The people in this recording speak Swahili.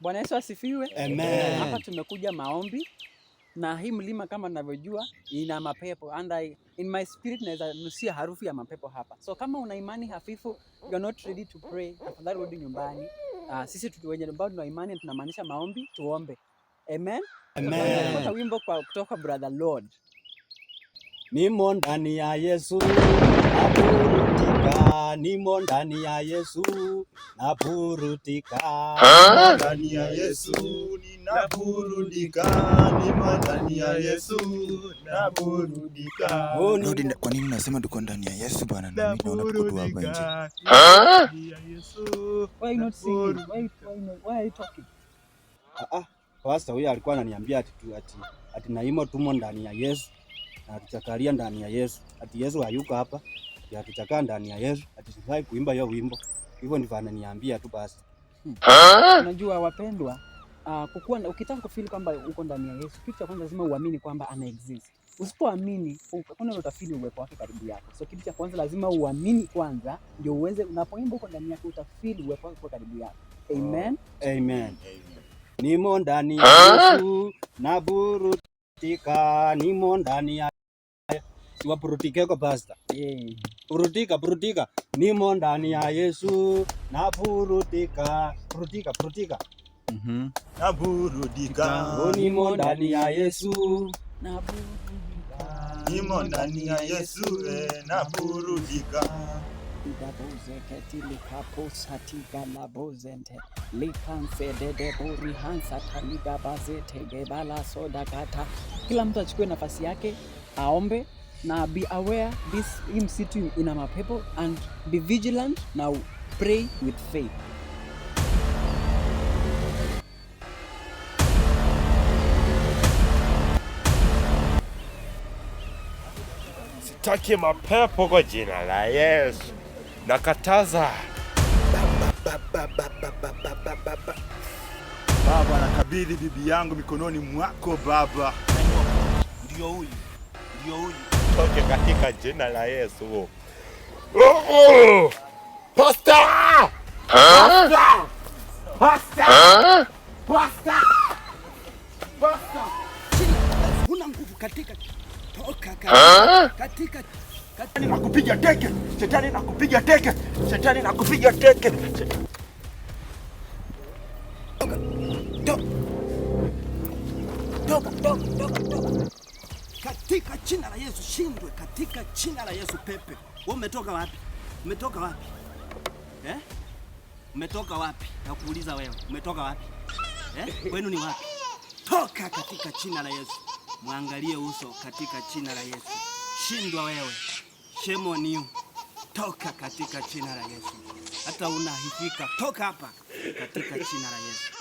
Bwana Yesu asifiwe. Amen. Hapa tumekuja maombi na hii mlima kama ninavyojua ina mapepo and I, in my spirit naweza nusia harufu ya mapepo hapa. So kama una imani hafifu, you are not ready to pray, tafadhali rudi nyumbani. Uh, sisi wenye ambao tuna imani tunamaanisha maombi tuombe. Amen. Amen. Tunapata wimbo kwa kutoka Brother Lord. Nimo ndani ya Yesu napurutika, nimo ndani ya Yesu napurutika, Huh? ndani ya Yesu ninaburudika, nimo ndani ya Yesu naburudika. Oh, kwa nini nasema tuko ndani ya Yesu bwana? Na mimi naona tuko tu hapa nje. ya Yesu Why not singing? Why, are you talking? Ah, ah, pastor huyo alikuwa ananiambia ati tu- ati ati naimo tumo ndani ya Yesu na hatutakalia ndani ya Yesu, ati Yesu hayuko hapa, ati hatutakaa ndani ya Yesu, ati sifai kuimba hiyo wimbo. Hivyo ndivyo ananiambia tu basi. Hmm. Unajua Wapendwa, uh, kukua, ukitaka kufeel kwamba uko ndani ya Yesu, kitu cha kwanza lazima uamini kwamba ana exist. Usipoamini hakuna utafili uwepo wake karibu yako. So kitu cha kwanza lazima uamini kwanza, ndio uweze, unapoimba uko ndani yake, utafili uwepo wake karibu yako. Oh. Amen. Amen. Nimo ndani ya Yesu, naburutika, nimo ndani ya siwapurutikeko pasta yeah. purutika purutika nimo ndani ya Yesu napurutika purutika purutika mm na napurutika nimo ndani ya Yesu na napurutika nimo ndani ya Yesu eh, napurutika soda kata. Kila mtu achukue nafasi yake aombe na be aware this hii msitu ina mapepo and be vigilant na pray with faith. Sitaki mapepo kwa jina la Yesu. Nakataza. Baba, nakabidhi bibi yangu mikononi mwako Baba. Ndio huyu. Ndio huyu atoke katika jina la Yesu. Pasta! Pasta! Pasta! Pasta! Pasta! Una nguvu katika toka katika Shetani nakupiga teke, Shetani nakupiga teke, Shetani nakupiga teke. Toka. Toka, toka, toka, toka jina la Yesu shindwe katika jina la Yesu. Pepe wewe umetoka wapi? Umetoka wapi eh? Umetoka wapi? Nakuuliza wewe, umetoka wapi eh? Wenu ni wapi? Toka katika jina la Yesu. Mwangalie uso katika jina la Yesu. Shindwa wewe shemoniu, toka katika jina la Yesu. Hata unahifika, toka hapa katika jina la Yesu.